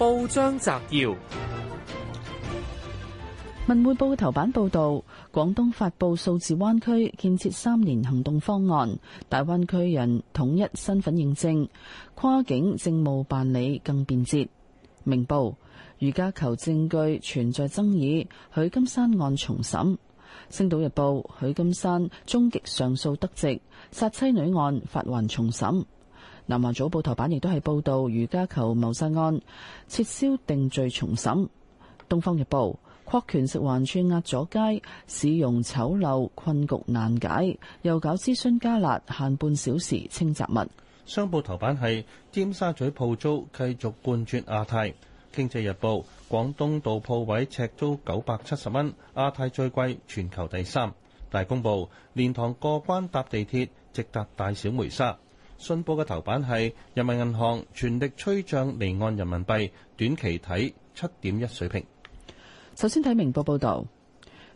報章摘要：《文匯報》頭版報道，廣東發布數字灣區建設三年行動方案，大灣區人統一身份認證，跨境政務辦理更便捷。《明報》：瑜伽球證據存在爭議，許金山案重審。《星島日報》：許金山終極上訴得直，殺妻女案發還重審。南華早報頭版亦都係報道瑜伽球謀殺案撤銷定罪重審。東方日報擴權食環署壓咗街市容醜陋困局難解，又搞諮詢加辣限半小時清雜物。商報頭版係尖沙咀鋪租繼續冠絕亞太。經濟日報廣東道鋪位尺租九百七十蚊，亞太最貴全球第三。大公報蓮塘過關搭地鐵直達大小梅沙。信報嘅頭版係人民銀行全力催漲離岸人民幣，短期睇七點一水平。首先睇明報報道，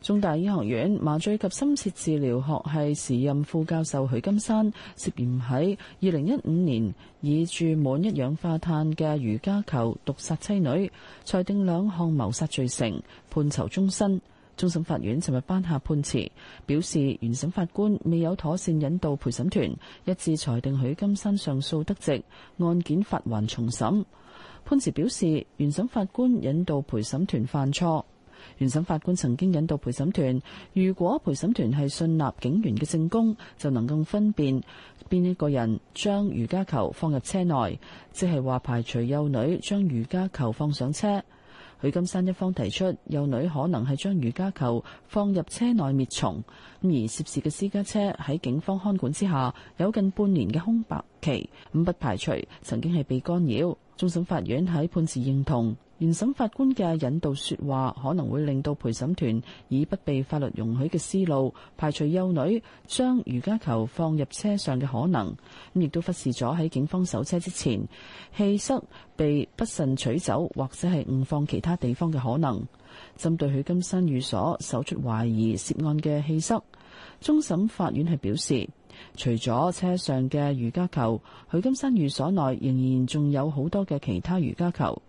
中大醫學院麻醉及深切治療學系時任副教授許金山涉嫌喺二零一五年以注滿一氧化碳嘅瑜伽球毒殺妻女，裁定兩項謀殺罪成，判囚終身。中審法院尋日頒下判詞，表示原審法官未有妥善引導陪審團，一致裁定許金山上訴得直，案件發還重審。判詞表示原審法官引導陪審團犯錯，原審法官曾經引導陪審團，如果陪審團係信納警員嘅證供，就能夠分辨邊一個人將瑜伽球放入車內，即係話排除幼女將瑜伽球放上車。許金山一方提出，幼女可能係將瑜伽球放入車內滅蟲，而涉事嘅私家車喺警方看管之下有近半年嘅空白期，咁不排除曾經係被干擾。終審法院喺判詞認同。原審法官嘅引導説話，可能會令到陪審團以不被法律容許嘅思路排除幼女將瑜伽球放入車上嘅可能，亦都忽視咗喺警方搜車之前氣塞被不慎取走或者係誤放其他地方嘅可能。針對許金山寓所搜出懷疑涉案嘅氣塞，終審法院係表示，除咗車上嘅瑜伽球，許金山寓所內仍然仲有好多嘅其他瑜伽球。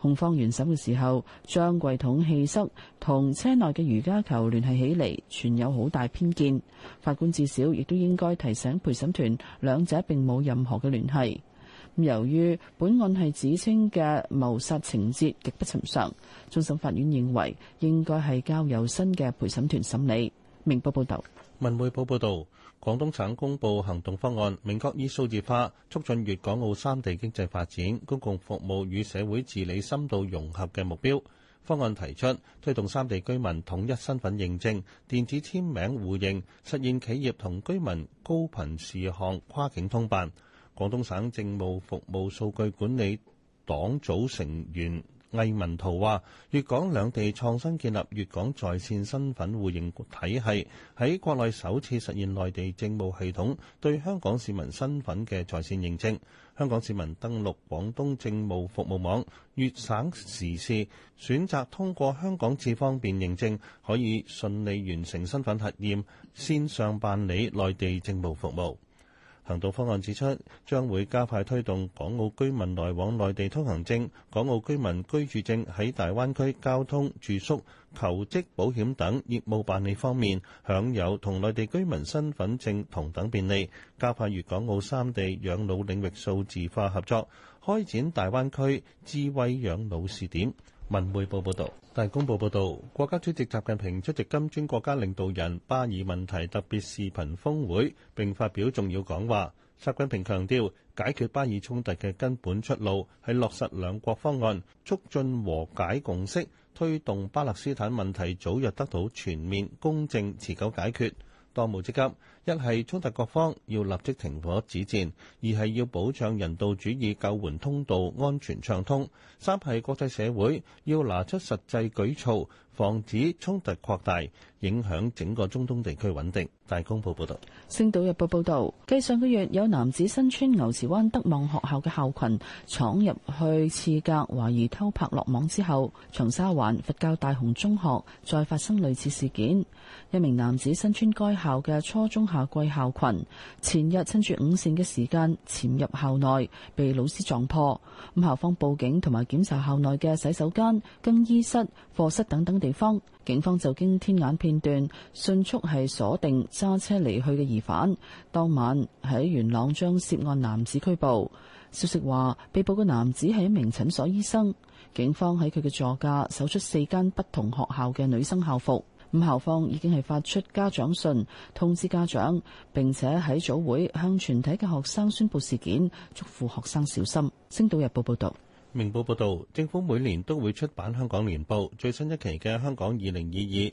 控方原審嘅時候，將櫃桶氣塞同車內嘅瑜伽球聯繫起嚟，存有好大偏見。法官至少亦都應該提醒陪審團兩者並冇任何嘅聯繫。咁由於本案係指稱嘅謀殺情節極不尋常，終審法院認為應該係交由新嘅陪審團審理。明報報道，文匯報報道。廣東省公布行動方案，明確以數字化，促進粵港澳三地經濟發展、公共服務與社會治理深度融合嘅目標。方案提出，推動三地居民統一身份認證、電子簽名互認，實現企業同居民高頻事項跨境通辦。廣東省政務服務數據管理黨組成員。魏文濤話，粵港兩地創新建立粵港在線身份互認體系，喺國內首次實現內地政務系統對香港市民身份嘅在線認證，香港市民登錄廣東政務服務網粵省時事，選擇通過香港智方便認證，可以順利完成身份核驗，線上辦理內地政務服務。行動方案指出，將會加快推動港澳居民來往內地通行證、港澳居民居住證喺大灣區交通、住宿、求職、保險等業務辦理方面享有同內地居民身份證同等便利，加快粵港澳三地養老領域數字化合作，開展大灣區智慧養老試點。文匯報報道，大公報報道，國家主席習近平出席金磚國家領導人巴以問題特別視頻峰會，並發表重要講話。習近平強調，解決巴以衝突嘅根本出路係落實兩國方案，促進和解共識，推動巴勒斯坦問題早日得到全面、公正、持久解決，當務之急。一係衝突各方要立即停火止戰，二係要保障人道主義救援通道安全暢通，三係國際社會要拿出實際舉措，防止衝突擴大，影響整個中東地區穩定。大公報報道。《星島日報》報道，繼上個月有男子身穿牛池灣德望學校嘅校裙闖入去廁格懷疑偷拍落網之後，長沙灣佛教大雄中學再發生類似事件，一名男子身穿該校嘅初中校。下跪校群，前日趁住午膳嘅時間潛入校內，被老師撞破。咁校方報警同埋檢查校內嘅洗手間、更衣室、課室等等地方，警方就經天眼片段，迅速係鎖定揸車離去嘅疑犯。當晚喺元朗將涉案男子拘捕。消息話，被捕嘅男子係一名診所醫生。警方喺佢嘅座駕搜出四間不同學校嘅女生校服。五校方已經係發出家長信通知家長，並且喺早會向全體嘅學生宣布事件，囑咐學生小心。《星島日報》報道：《明報》報道，政府每年都會出版《香港年報》，最新一期嘅《香港二零二二》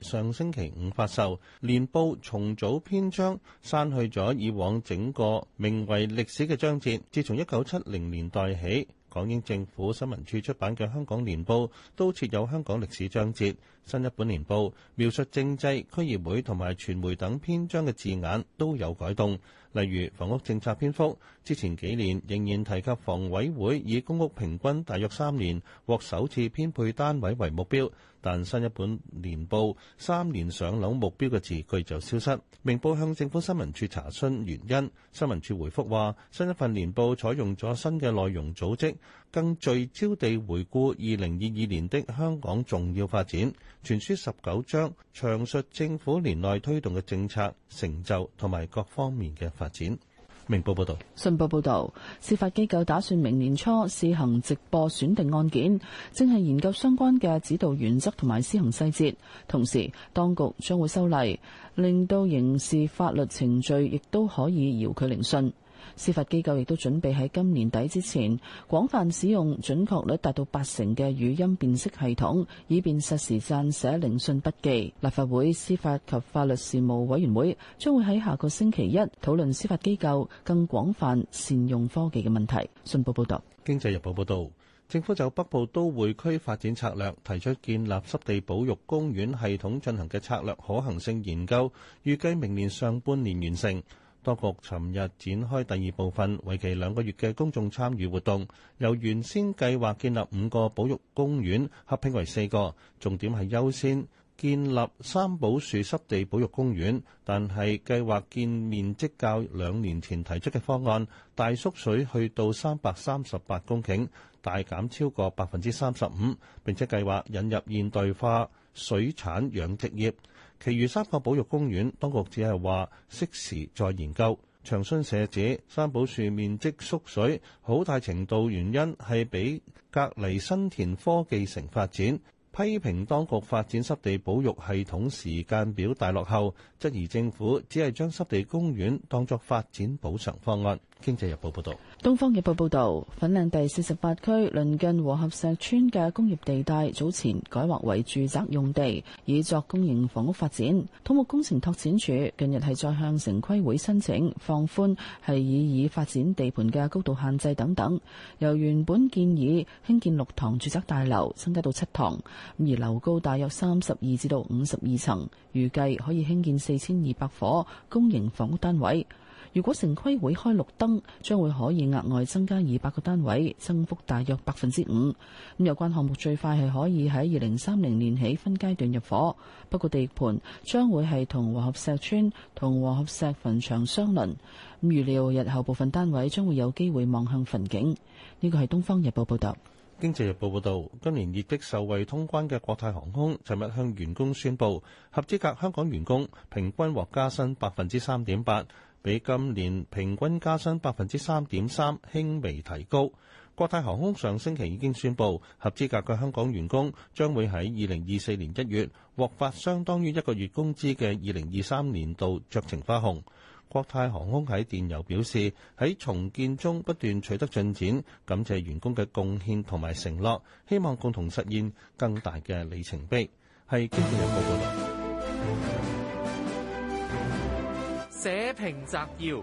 上星期五發售。年報重組篇章刪去咗以往整個名為歷史嘅章節，自從一九七零年代起。港英政府新聞處出版嘅《香港年報》都設有香港歷史章節。新一本年報描述政制、區議會同埋傳媒等篇章嘅字眼都有改動，例如房屋政策篇幅，之前幾年仍然提及房委會以公屋平均大約三年獲首次編配單位為目標。但新一本年報三年上樓目標嘅字句就消失。明報向政府新聞處查詢原因，新聞處回覆話新一份年報採用咗新嘅內容組織，更聚焦地回顧二零二二年的香港重要發展。全書十九章，詳述政府年內推動嘅政策成就同埋各方面嘅發展。明報報道，信報報道，司法機構打算明年初試行直播選定案件，正係研究相關嘅指導原則同埋施行細節。同時，當局將會修例，令到刑事法律程序亦都可以遙距聆訊。司法機構亦都準備喺今年底之前，廣泛使用準確率達到八成嘅語音辨識系統，以便實時撰寫聆訊筆記。立法會司法及法律事務委員會將會喺下個星期一討論司法機構更廣泛善用科技嘅問題。信報報導，《經濟日報》報導，政府就北部都會區發展策略提出建立濕地保育公園系統進行嘅策略可行性研究，預計明年上半年完成。當局尋日展開第二部分，為期兩個月嘅公眾參與活動，由原先計劃建立五個保育公園合併為四個，重點係優先建立三寶樹濕地保育公園，但係計劃建面積較兩年前提出嘅方案大縮水去到三百三十八公頃，大減超過百分之三十五，並且計劃引入現代化水產養殖業。其餘三個保育公園，當局只係話適時再研究。長春社指三寶樹面積縮水，好大程度原因係俾隔離新田科技城發展，批評當局發展濕地保育系統時間表大落後，質疑政府只係將濕地公園當作發展補償方案。經濟日報報道，東方日報報道，粉嶺第四十八區鄰近和合石村嘅工業地帶，早前改劃為住宅用地，以作公營房屋發展。土木工程拓展署近日係再向城規會申請放寬，係以以發展地盤嘅高度限制等等，由原本建議興建六堂住宅大樓，增加到七堂，而樓高大約三十二至到五十二層，預計可以興建四千二百伙公營房屋單位。如果城規會開綠燈，將會可以額外增加二百個單位，增幅大約百分之五。咁有關項目最快係可以喺二零三零年起分階段入伙，不過地盤將會係同和合石村同和合石墳場相鄰。咁預料日後部分單位將會有機會望向墳景。呢個係《東方日報》報道，《經濟日報》報道，今年業績受惠通關嘅國泰航空，尋日向員工宣布，合資格香港員工平均獲加薪百分之三點八。比今年平均加薪百分之三點三，輕微提高。國泰航空上星期已經宣布，合資格嘅香港員工將會喺二零二四年一月獲發相當於一個月工資嘅二零二三年度酌情花紅。國泰航空喺電郵表示，喺重建中不斷取得進展，感謝員工嘅貢獻同埋承諾，希望共同實現更大嘅里程碑。係經濟日報報道。社評摘要：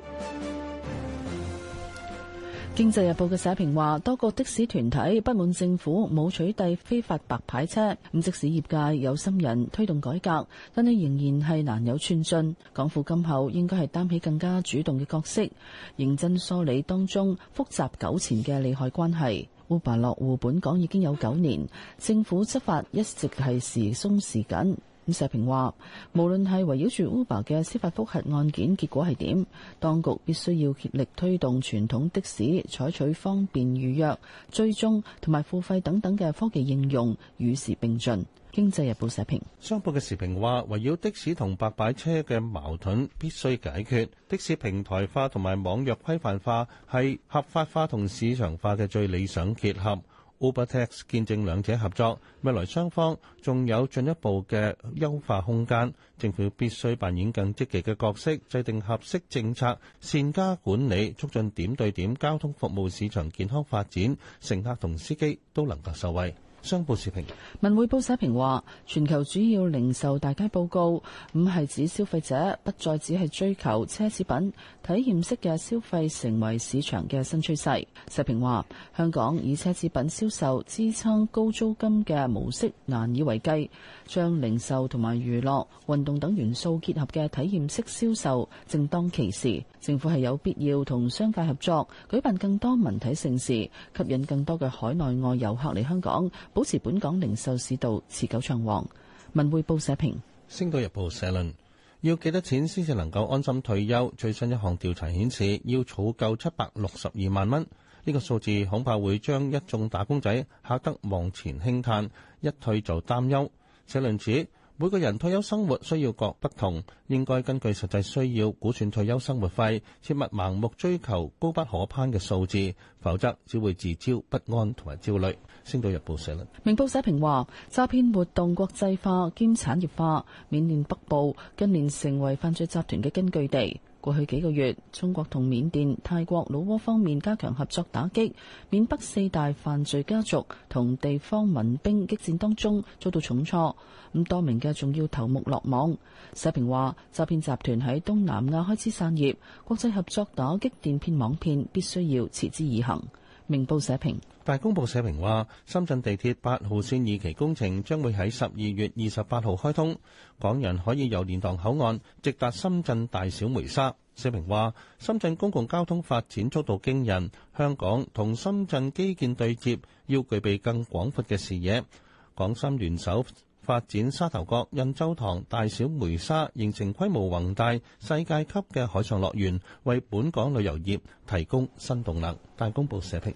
經濟日報嘅社評話，多個的士團體不滿政府冇取締非法白牌車，咁即使業界有心人推動改革，但係仍然係難有寸進。港府今後應該係擔起更加主動嘅角色，認真梳理當中複雜糾纏嘅利害關係。烏巴落戶本港已經有九年，政府執法一直係時鬆時緊。咁社評話，無論係圍繞住 Uber 嘅司法覆核案件結果係點，當局必須要竭力推動傳統的士採取方便預約、追蹤同埋付費等等嘅科技應用，與時並進。經濟日報社評，商報嘅時評話，圍繞的士同白牌車嘅矛盾必須解決，的士平台化同埋網約規範化係合法化同市場化嘅最理想結合。Uber Tax 見證兩者合作，未來雙方仲有進一步嘅優化空間。政府必須扮演更積極嘅角色，制定合適政策，善加管理，促進點對點交通服務市場健康發展，乘客同司機都能夠受惠。商報社評文匯報社評話：全球主要零售大街報告，唔係指消費者不再只係追求奢侈品，體驗式嘅消費成為市場嘅新趨勢。社評話：香港以奢侈品銷售支撐高租金嘅模式難以為繼，將零售同埋娛樂、運動等元素結合嘅體驗式銷售正當其時。政府係有必要同商界合作，舉辦更多文體盛事，吸引更多嘅海內外遊客嚟香港，保持本港零售市道持久暢旺。文匯報社評。《星島日報》社論：要幾多錢先至能夠安心退休？最新一項調查顯示要夠，要儲夠七百六十二萬蚊，呢個數字恐怕會將一眾打工仔嚇得望前興嘆，一退就擔憂。社論指，每個人退休生活需要各不同，應該根據實際需要估算退休生活費，切勿盲目追求高不可攀嘅數字，否則只會自招不安同埋焦慮。星島日報社論。明報社評話，詐騙活動國際化兼產業化，緬甸北部近年成為犯罪集團嘅根據地。過去幾個月，中國同緬甸、泰國、老撾方面加強合作打擊緬北四大犯罪家族同地方民兵激戰當中，遭到重挫，咁多名嘅重要頭目落網。社評話，詐騙集團喺東南亞開始散葉，國際合作打擊電騙網騙，必須要持之以恆。明報社評。大公報社評話，深圳地鐵八號線二期工程將會喺十二月二十八號開通，港人可以由蓮塘口岸直達深圳大小梅沙。社評話，深圳公共交通發展速度驚人，香港同深圳基建對接要具備更廣闊嘅視野。港深聯手發展沙頭角、印洲塘、大小梅沙，形成規模宏大、世界級嘅海上樂園，為本港旅遊業提供新動力。大公報社評。